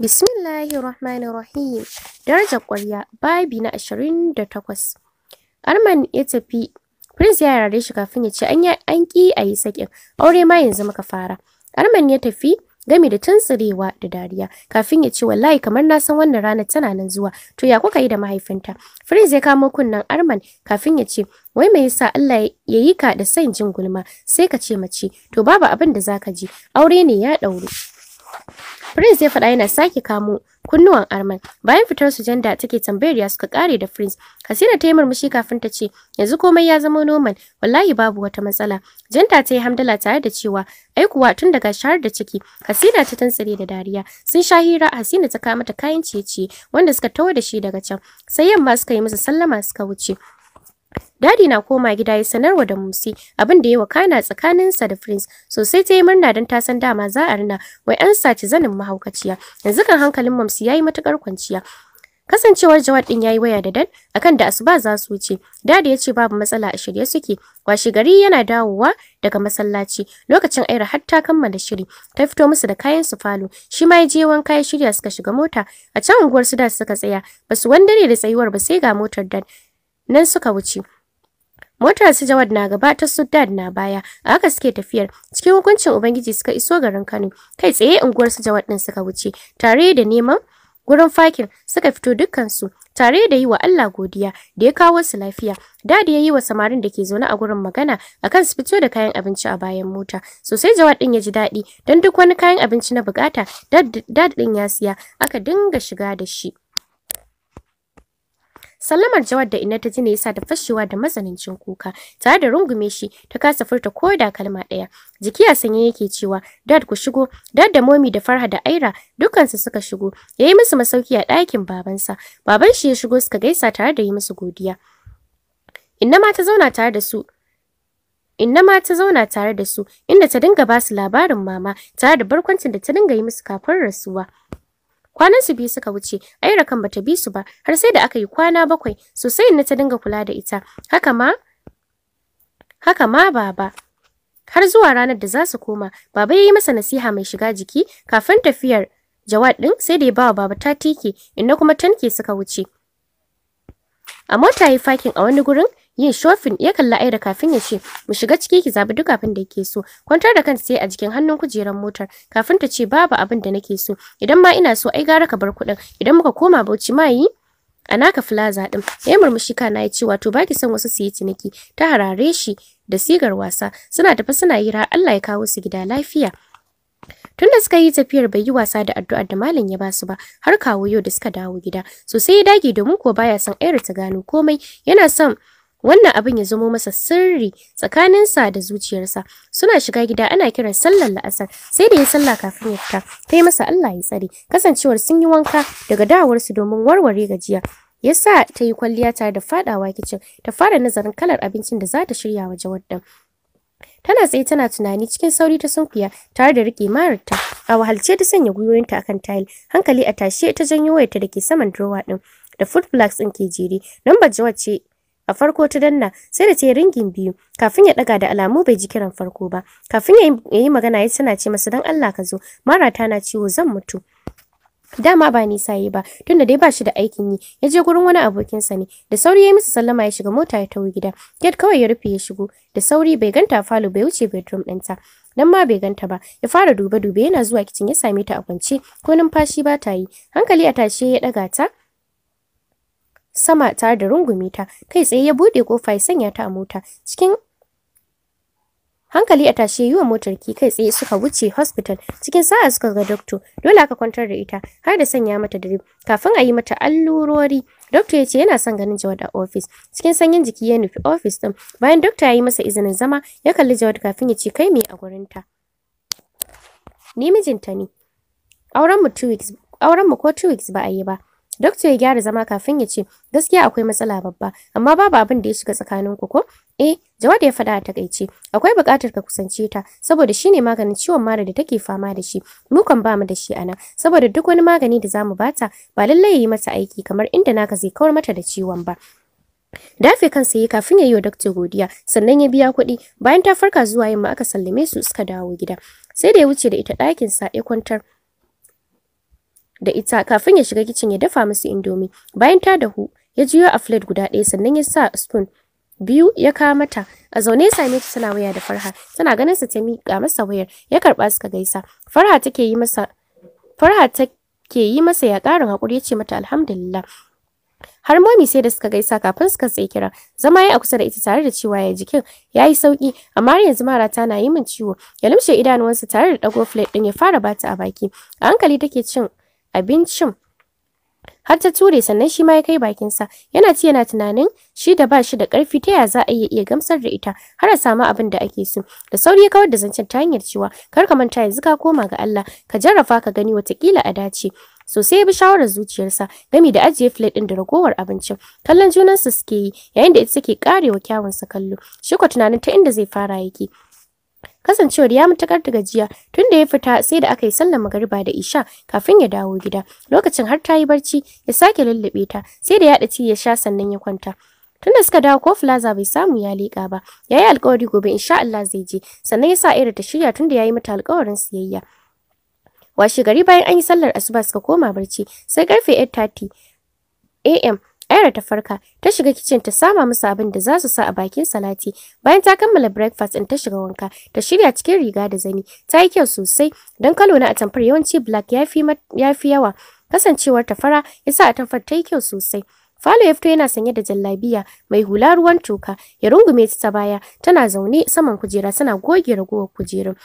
Bismillahirrahmanirrahim. daraja ƙwarya, babi na takwas Arman ya tafi, Prince ya yarda shi kafin ya ce an ƙi a yi sakin, aure ma yanzu muka fara. Arman ya tafi, gami da tantsirewa da dariya kafin ya ce wallahi kamar na san wannan ranar tana nan zuwa to ya kuka yi da mahaifinta Prince ya kamo kunnen Arman kafin ya ce wai me yasa Allah ya yi ka da san jin gulma sai ka ce mace to babu abin da zaka ji aure ne ya daure Prince ya faɗa yana sake kamo kunnuwan Arman. Bayan fitar su janda take tambayar ya suka kare da Prince. Hasina ta yi murmushi kafin ta ce, "Yanzu komai ya zama normal, wallahi babu wata matsala." Janda ta yi hamdala tare da cewa, "Ai kuwa tun daga shahar da ciki." Hasina ta tantsare da dariya. Sun sha hira, Hasina ta kawo mata kayan ciye-ciye wanda suka tawo da shi daga can. Sai yamma suka yi masa sallama suka wuce. Dadi na koma gida ya sanarwa da Musi abin da ya wakana tsakaninsa da Prince sosai ta yi murna dan ta san dama za a rina wai an saci zanin mahaukaciya yanzu kan hankalin Mamsi ya yi matukar kwanciya. Kasancewar Jawad din yayi waya da Dan akan da asuba za su wuce. Dadi ya ce babu matsala a shirye suke. washe gari yana dawowa daga masallaci. Lokacin Aira har ta kammala shiri. Ta fito musu da kayan su falo. Shi ma ya je wanka ya shirya suka shiga mota. A can unguwar su da suka tsaya. Basu wandare da tsayuwar ba sai ga motar Dan. Nan suka wuce. Motar su Jawad na gaba ta dad na baya. A haka suke tafiyar. Cikin hukuncin Ubangiji suka iso garin Kano. Kai tsaye unguwar su Jawad din suka wuce tare da neman gurin fakin suka fito dukkansu tare da yi wa Allah godiya da ya kawo su lafiya. Dadi ya yi wa samarin da ke zaune a gurin magana akan su fito da kayan abinci a bayan mota. Sosai Jawad din ya ji daɗi don duk wani kayan abinci na bukata dad din ya siya aka dinga shiga da shi. Sallamar Jawad da Inna ta ji ne yasa ta fashewa da matsanancin kuka, tare da rungume shi ta kasa furta ko da kalma ɗaya. Jiki a sanye yake cewa, "Dad ku shigo." Dad da Momi da Farha da Aira dukansu suka shigo. Ya yi musu masauki a ɗakin babansa. Baban shi ya shigo suka gaisa tare da yi musu godiya. Inna ma ta zauna tare da su Inna ma ta zauna tare da su inda ta dinga ba su labarin mama tare da barkwancin da ta dinga yi musu kafin rasuwa. kwanan su biyu suka wuce ayyura kan bata bi su ba har sai da aka yi kwana bakwai sosai na ta dinga kula da ita haka ma haka ma baba har zuwa ranar da za su koma baba ya yi masa nasiha mai shiga jiki kafin tafiyar jawad din sai da ya bawa baba ta tike inda kuma tanke suka wuce a mota yi fakin a wani gurin Yin shopping ya kalla Aida kafin ya ce mu shiga ciki ki zabi duk abin da yake so kwantar da kanta sai a jikin hannun kujerar motar kafin ta ce babu abin da nake so idan ma ina so ai gara ka bar kuɗin idan muka koma Bauchi ma yi a naka plaza din ya murmushi kana ya ce wato baki son wasu su yi ciniki ta harare shi da sigar wasa suna tafi suna hira Allah ya kawo su gida lafiya tunda suka yi tafiyar bai yi wasa da addu'ar da malam ya basu ba har kawo yau da suka dawo gida sosai ya dage domin ko baya son Aira ta gano komai yana son wannan abin ya zamo masa sirri tsakaninsa da zuciyarsa suna shiga gida ana kiran sallar la'asar sai da ya sallah kafin ya fita ta yi masa Allah ya tsare kasancewar sun yi wanka daga dawarsu domin warware gajiya ya sa ta yi kwalliya tare da fadawa kicin ta fara nazarin kalar abincin da za ta shirya wa jawaddan tana tsaye tana tunani cikin sauri ta sunkuya tare da rike mararta a wahalce ta sanya gwiwoyinta akan tayil hankali a tashe ta janyo wayarta da ke saman drawer din da food din ke jere lambar jawad ce a farko ta danna sai da ta yi ringin biyu kafin ya daga da alamu bai ji kiran farko ba kafin ya yi magana ya tana ce masa dan Allah ka zo mara ta na ciwo zan mutu dama ba nisa yi ba tunda dai ba shi da aikin yi ya je gurin wani abokinsa ne da sauri ya yi masa sallama ya shiga mota ya tawo gida get kawai ya rufe ya shigo da sauri bai ganta falo bai wuce bedroom ta dan ma bai ganta ba ya fara dube dube yana zuwa kicin ya same ta a kwance ko numfashi ba ta yi hankali a tashe ya daga ta sama tare da rungumi ta kai tsaye ya bude kofa ya sanya ta a mota cikin hankali a tashe yiwa motar ki kai tsaye suka wuce hospital cikin sa'a suka ga doctor dole aka kwantar da ita har da sanya mata drip kafin a yi mata allurori doctor ya ce yana son ganin Jawad a office cikin sanyin jiki ya nufi office din bayan doctor ya yi masa izinin zama ya kalli Jawad kafin ya ce kai me a gurin ta ni mijinta ne auren mu 2 weeks auren mu ko 2 weeks ba a yi ba Dokta ya gyara zama kafin ya ce, gaskiya akwai matsala babba, amma babu abin da ya shiga tsakaninku ko? Eh, Jawad ya faɗa a takaice, akwai buƙatar ka kusance ta saboda shi ne maganin ciwon mara da take fama da shi. Mu kan ba mu da shi anan saboda duk wani magani da zamu bata ba lallai yi mata aiki kamar inda naka zai kawar mata da ciwon ba. Dafe kansa yi kafin ya yi wa Dokta godiya, sannan ya biya kuɗi bayan ta farka zuwa yamma aka sallame su suka dawo gida. Sai da ya wuce da ita ɗakinsa ya kwantar da ita kafin ya shiga kicin ya dafa musu indomie bayan ta dahu ya jiyo a plate guda ɗaya sannan ya sa spoon biyu ya kawo mata a zaune ya same ta tana waya da farha tana ganin sa ta miƙa masa wayar ya karɓa suka gaisa farha take yi masa farha take yi masa ya ƙarin haƙuri ya ce mata alhamdulillah har momi sai da suka gaisa kafin suka tsaye kira zama ya a kusa da ita tare da cewa ya jikin ya yi sauki amma har yanzu mara ta na yi min ciwo ya lumshe idanuwansa tare da dago plate din ya fara bata a baki a hankali take cin abincin har ta ture sannan shi ma ya kai bakinsa yana ci yana tunanin shi da ba shi da ƙarfi, ta ya za a iya iya gamsar da ita har a samu abin da ake so da sauri ya kawar da zancen ta hanyar cewa kar ka manta yanzu ka koma ga Allah ka jarrafa ka gani watakila a dace sosai ya bi shawarar zuciyarsa gami da ajiye filet ɗin da ragowar abincin kallon junansu suke yi yayin da ita take karewa kyawunsa kallo shi tunanin ta inda zai fara yake kasancewar ya mutakar da gajiya tun da ya fita sai da aka yi sallar magariba da isha kafin ya dawo gida lokacin har ta yi barci ya sake lullube ta sai da ya ɗaci ya sha sannan ya kwanta tun da suka dawo ko plaza bai samu ya leƙa ba ya yi alkawari gobe insha Allah zai je sannan ya sa ira ta shirya tun da ya yi mata alkawarin siyayya washe gari bayan an yi sallar asuba suka koma barci sai karfe 8:30 am Aira ta farka, ta shiga kicin ta sama musu abin da za su sa a bakin salati. Bayan ta kammala breakfast ɗin ta shiga wanka, ta shirya cikin riga da zani. Ta yi kyau sosai, don kalo na atamfar yawanci black ya fi yawa. Kasancewar ta fara ya sa atamfar ta yi kyau sosai. Falo ya fito yana sanye da jallabiya mai hula ruwan toka, ya rungume ta baya, tana zaune saman kujera tana goge ragowar kujerun.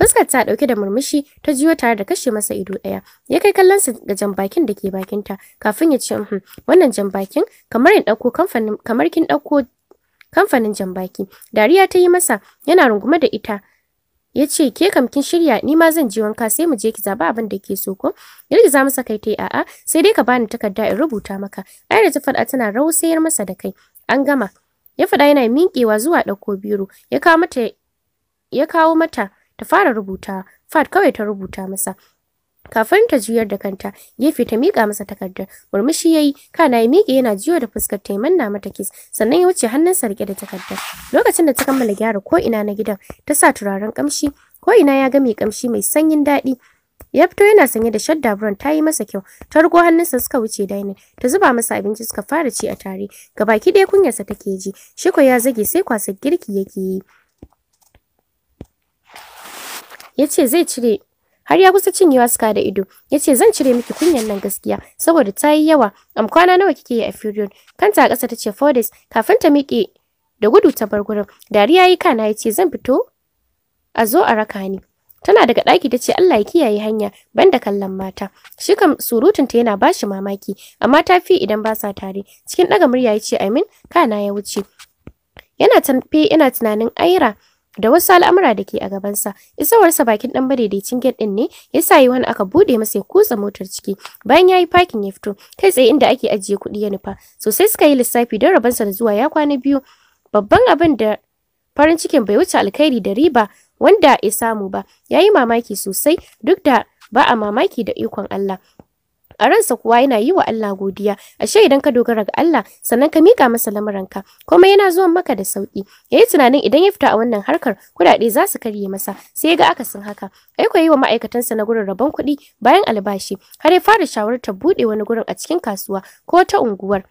fuskar ta dauke da murmushi ta jiyo tare da kashe masa ido daya ya kai kallon sa ga jan da ke bakinta kafin ya ce wannan jan bakin kamar in dauko kamfanin kamar kin dauko kamfanin jambaki. dariya ta yi masa yana rungume da ita ya ce ke kam kin shirya ni ma zan je wanka sai mu je ki zaba abin da ke so ko girgiza masa kai tai a. sai dai ka bani takarda in rubuta maka ai da ta faɗa tana rausayar masa da kai an gama ya faɗa yana minkewa zuwa dauko biro ya kawo mata ya kawo mata ta fara rubuta fat kawai ta rubuta masa kafin ta juyar da kanta gefe ta miƙa masa takardar murmushi ya yi kana ya miƙe yana jiyo da fuskar ta manna mata kis sannan ya wuce hannunsa riƙe da takardar lokacin da ta kammala gyara ko ina na gidan ta sa turaren kamshi ko ina ya ga mai kamshi mai sanyin daɗi ya fito yana sanye da shadda brown ta yi masa kyau ta rugo hannunsa suka wuce dining ta zuba masa abinci suka fara ci a tare gabaki ɗaya kunyarsa take ji shiko ya zage sai kwasa girki yake yi yace zai cire har ya kusa cinyewa suka da ido yace zan cire miki kunyan nan gaskiya saboda ta yi yawa am kwana nawa kike yi a furion kanta a ƙasa ta ce kafin ta miƙe da gudu ta bar gurin dariya yi kana ya ce zan fito a zo a raka ni tana daga ɗaki ta ce Allah ya kiyaye hanya banda kallon mata shi kam surutunta yana bashi mamaki amma ta fi idan ba sa tare cikin ɗaga murya ya ce amin kana ya wuce yana tanfe yana tunanin aira da wasu al'amura da ke a gabansa isowarsa bakin dan madaidaicin gate din ne ya sa wani aka bude masa ya kutsa motar ciki bayan yayi parking ya fito kai tsaye inda ake ajiye kuɗi ya nufa sosai suka yi lissafi don rabansa da zuwa ya kwana biyu babban abin da farin cikin bai wuce alkhairi da riba wanda ya samu ba yayi mamaki sosai duk da ba a mamaki da ikon Allah a ransa kuwa yana yi wa Allah godiya ashe idan ka dogara ga Allah sannan ka mika masa lamuranka komai yana zuwa maka da sauki yayi tunanin idan ya fita a wannan harkar kuɗaɗe za su karye masa sai ya ga sun haka ai ko yi wa ma'aikatansa na gurin rabon kuɗi bayan albashi har ya fara shawartar buɗe wani gurin a cikin kasuwa ko ta unguwar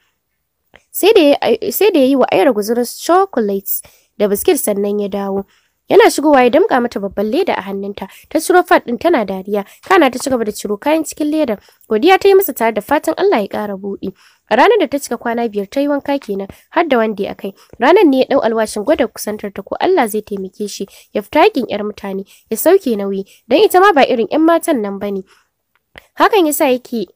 sai da ya yi wa ayar guzurin chocolates da biskit sannan ya dawo Yana shigowa ya damƙa mata babban leda a hannunta. Ta ciro fat ɗin tana dariya. Kana ta cigaba da ciro kayan cikin leda Godiya ta yi masa tare da fatan Allah ya ƙara buɗi. A ranar da ta cika kwana biyar ta yi wanka kenan har da wanda a kai. Ranar ne ya ɗau alwashin gwada kusantar ta ko Allah zai taimake shi ya fita hakin yar mutane ya sauke nauyi don ita ma ba irin yan matan nan ba ne Hakan yasa yake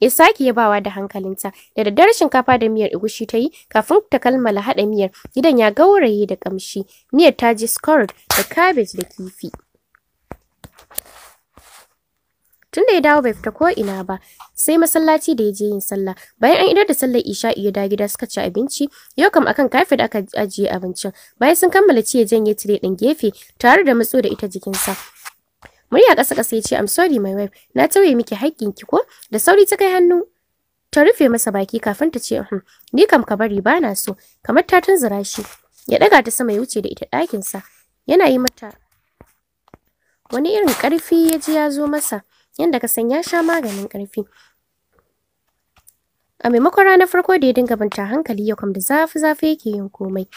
ya sake bawa da hankalinta da daddare shinkafa da miyar igushi ta yi kafin ta kalmala haɗa miyar gidan ya gauraye da ƙamshi miyar ta ji scored da cabbage da kifi tun da ya dawo bai fita ko ina ba sai masallaci da ya je yin sallah bayan an idar da sallar isha iya da gida suka ci abinci yau kam akan da aka ajiye abincin bayan sun kammala ci ya janye tire din gefe tare da matso da ita jikinsa Murya ƙasa ƙasa ya ce I'm sorry my wife na tauye miki haƙƙinki ko da sauri ta kai hannu ta rufe masa baki kafin ta ce uhm, ni kam ka bari ba na so kamar ta tunzura shi ya ɗaga ta sama ya wuce da ita ɗakinsa yana yi mata wani irin ƙarfi ya ji ya zo masa yanda ka san ya sha maganin ƙarfi a maimakon ranar farko da ya dinga banta hankali ya kwam da zafi zafi yake yin komai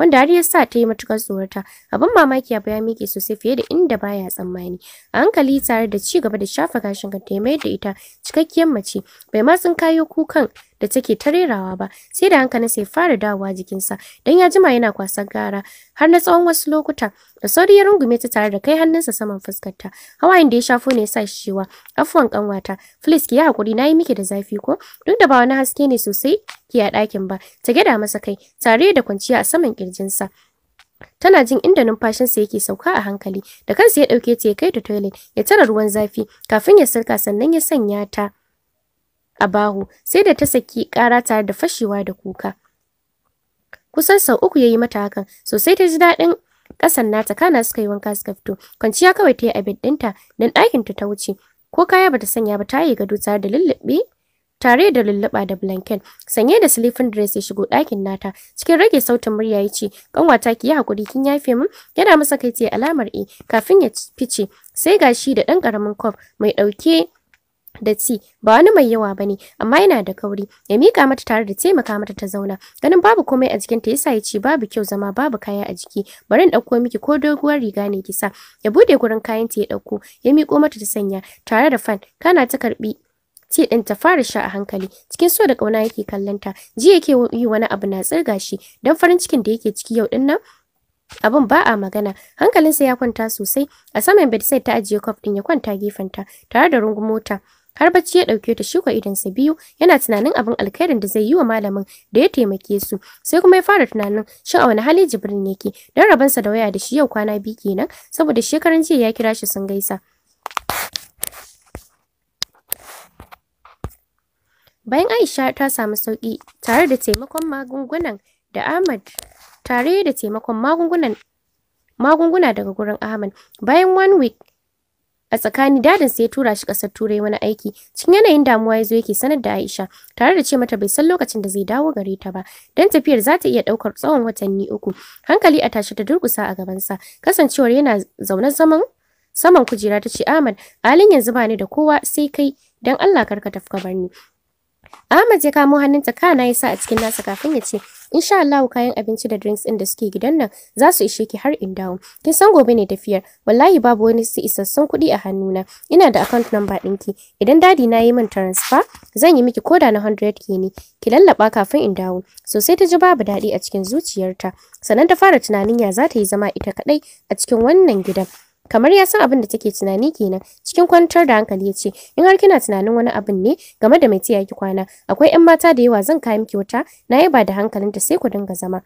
wanda har ya sa ta yi matukar tsorata abin mamaki abu ya miƙe sosai fiye da inda baya tsammani a hankali tare da ci gaba da shafa gashin kanta ya mayar da ita cikakkiyar mace bai ma kayo kukan da take ta rerawa ba sai da hankali sai fara dawowa jikinsa don ya jima yana kwasan gara har na tsawon wasu lokuta da sauri ya rungume ta tare da kai hannunsa saman fuskarta hawayen da ya shafo ne ya sa shiwa afuwan kanwata flis ki yi hakuri na yi miki da zafi ko duk da ba wani haske ne sosai ki a ɗakin ba ta gyada masa kai tare da kwanciya a saman kirjinsa tana jin inda numfashinsa yake sauka a hankali da kansa ya ɗauke ta ya kai ta toilet ya tara ruwan zafi kafin ya sarka sannan ya sanya ta a baho sai da ta saki kara tare da fashewa da kuka. Kusan sau uku ya yi mata hakan sosai ta ji daɗin ƙasan nata kana suka yi wanka suka fito kwanciya kawai ta yi abin ɗinta don ɗakinta ta wuce ko kaya bata sanya ba ta yi gado tare da lullube tare da lulluɓa da blanket sanye da silifin dress ya shigo ɗakin nata cikin rage sautin murya ya ce kanwata ki yi hakuri kin yafe min yana masa kai ce alamar e kafin ya fice sai gashi da ɗan ƙaramin kof mai ɗauke da ci ba wani mai yawa bane amma yana da kauri ya mika mata tare da taimaka mata ta zauna ganin babu komai a jikin ta yasa ya ce babu kyau zama babu kaya a jiki bari in dauko miki ko doguwar riga ne kisa ya bude gurin kayan ta ya dauko ya miko mata ta sanya tare da fan kana ta karbi ce din ta fara sha a hankali cikin so da kauna yake kallanta ji yake yi wani abu na tsirga shi dan farin cikin da yake ciki yau din nan abin ba a magana hankalinsa ya kwanta sosai a saman bedside ta ajiye kwaf din ya kwanta gefenta tare da rungun har bacci ya dauke ta shuka idonsa biyu yana tunanin abin alkhairin da zai yi wa malamin da ya taimake su sai kuma ya fara tunanin shin a wani hali jibrin yake don rabansa da waya da shi yau kwana biyu kenan saboda shekaran jiya ya kira shi sun gaisa bayan aisha ta samu sauki tare da taimakon magungunan da ahmad tare da taimakon magungunan magunguna daga gurin ahmad bayan one week a tsakani dadinsa ya tura shi ƙasar turai wani aiki cikin yanayin damuwa ya zo yake sanar da aisha tare da ce mata bai san lokacin da zai dawo gare ta ba don tafiyar za ta iya daukar tsawon watanni uku hankali a tashi ta durkusa a gabansa kasancewar yana zaune zaman saman kujera ta ce ahmad halin yanzu ba da kowa sai kai don allah karka tafka barni Ahmad ya kamo hannunta kana ya sa a cikin nasa kafin ya ce insha Allah kayan abinci da drinks din da suke gidan nan za su ishe ki har in dawo kin san gobe ne tafiyar wallahi babu wani su isassun kuɗi a hannuna ina da account number ɗinki idan dadi na yi min transfer zan yi miki koda na 100k ne ki lallaba kafin in dawo sosai ta ji babu daɗi a cikin zuciyarta sanan ta fara tunanin ya za ta yi zama ita kadai a cikin wannan gidan kamar ya san abin da take tunani kenan cikin kwantar da hankali ya ce in har kina tunanin wani abin ne game da mai tiya ki kwana akwai yan mata da yawa zan kai miki wuta na yi ba da hankalinta sai ku dinga zama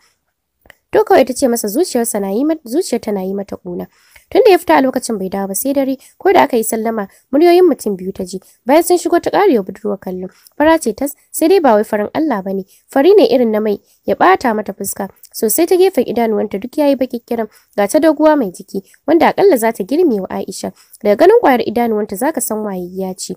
to kawai ta ce masa zuciyarsa na yi zuciyarta na yi mata kuna tunda ya fita a lokacin bai dawo ba sai dare ko da aka yi sallama muryoyin mutum biyu ta ji bayan sun shigo ta karewa budurwa kallon. fara ce tas sai dai ba wai farin Allah bane fari ne irin na mai ya bata mata fuska sosai ta gefen idanuwanta duk yayi baki kiran ga ta doguwa mai jiki wanda akalla za ta girme wa Aisha daga ganin kwayar idanuwanta zaka san waye ya ce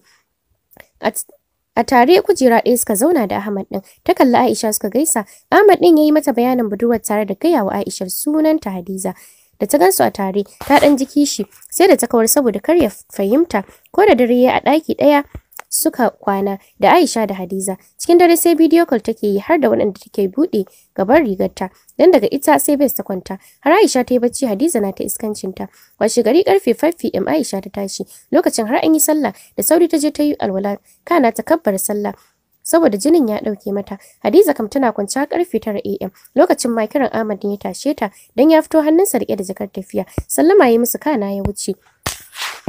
A tare kujera ɗaya suka zauna da Ahmad ɗin, ta kalli Aisha suka gaisa, Ahmad ɗin ya yi mata bayanin budurwar tare da gaya wa sunanta Hadiza. da ta gansu a tare ta dan ji kishi sai da ta kawar saboda kar ya fahimta ko da dare ya a ɗaki ɗaya suka kwana da Aisha da Hadiza. Cikin dare sai bidiyo call take yi har da waɗanda take buɗe gaban rigarta. Dan daga ita sai bai ta kwanta. Har Aisha ta yi bacci Hadiza na ta iskancin ta Washe gari karfe 5 pm Aisha ta tashi. Lokacin har an yi sallah da sauri ta je ta yi alwala kana ta kabbar sallah. saboda jinin ya dauke mata hadiza kam tana kwanciya karfe 9 am lokacin ma kiran ahmad ya tashe ta dan ya fito hannunsa rike da jakar tafiya sallama ya musu kana ya wuce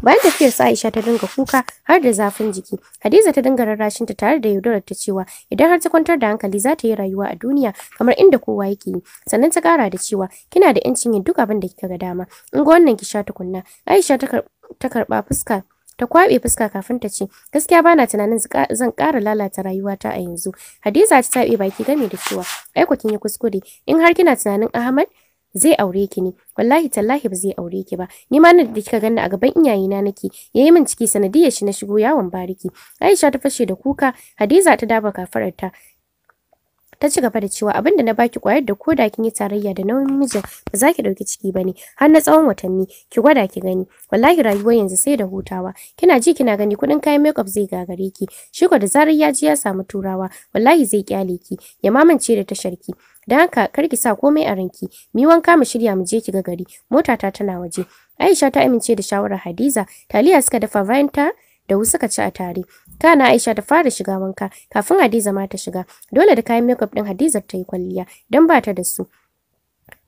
bayan tafiyar sa Aisha ta dinga kuka har da zafin jiki Hadiza ta dinga rarrashin ta tare da yaudarar ta cewa idan har ta kwantar da hankali za ta yi rayuwa a duniya kamar inda kowa yake yi sannan ta kara da cewa kina da yancin yin duk abin da kika ga dama in ga wannan ki sha tukunna Aisha ta karba fuska ta kwaɓe fuska kafin ta ce gaskiya bana tunanin zan ƙara lalata rayuwata a yanzu hadiza ta taɓe baki game da cewa ai ku kin yi kuskure in har kina tunanin ahmad zai aure ki ne wallahi tallahi ba zai aure ki ba ni ma da kika ganni a gaban iyayena nake yayi min ciki sanadiyar shi na shigo yawon bariki Aisha ta fashe da kuka Hadiza ta daba kafarar ta ta ci gaba da cewa abinda na baki kwayar da koda kin yi tarayya da nauyin mijin ba za ki dauki ciki bane har na tsawon watanni ki gwada ki gani wallahi rayuwar yanzu sai da hutawa kina ji kina gani kudin kayan makeup zai gagare ki shi da zarar ya ji ya samu turawa wallahi zai kyale ki ya mamance da tashar ki dan haka kar ki sa komai a ranki mi wanka mu shirya mu je ki ga gari motata tana waje Aisha ta amince da shawarar Hadiza taliya suka dafa bayan ta da wasu suka ci a tare Kana Aisha ta fara shiga wanka kafin Hadiza ma ta shiga. Dole da kayan makeup din Hadiza ta yi kwalliya don ba ta da su.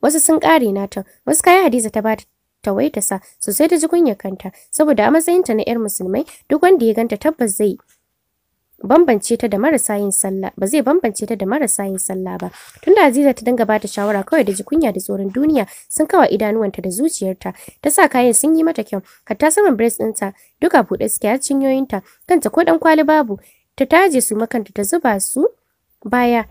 Wasu sun kare nata, wasu kayan Hadiza ta ba ta waita sa sosai ta ji kunyar kanta saboda a matsayinta na 'yar musulmai duk wanda ya ganta tabbas zai bambance ta da marasa yin sallah ba zai bambance ta da marasa yin sallah ba tunda Aziza ta dinga bata shawara kawai da jikunya da tsoron duniya sun kawa idanuwanta da zuciyarta ta sa kayan sun yi mata kyau hatta saman breast ɗinta duka buɗe suke har cinyoyinta kanta ko dan kwali babu ta taje su makanta ta zuba su baya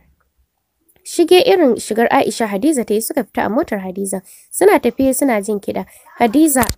shige irin shigar Aisha Hadiza ta yi suka fita a motar Hadiza suna tafiye suna jin kiɗa Hadiza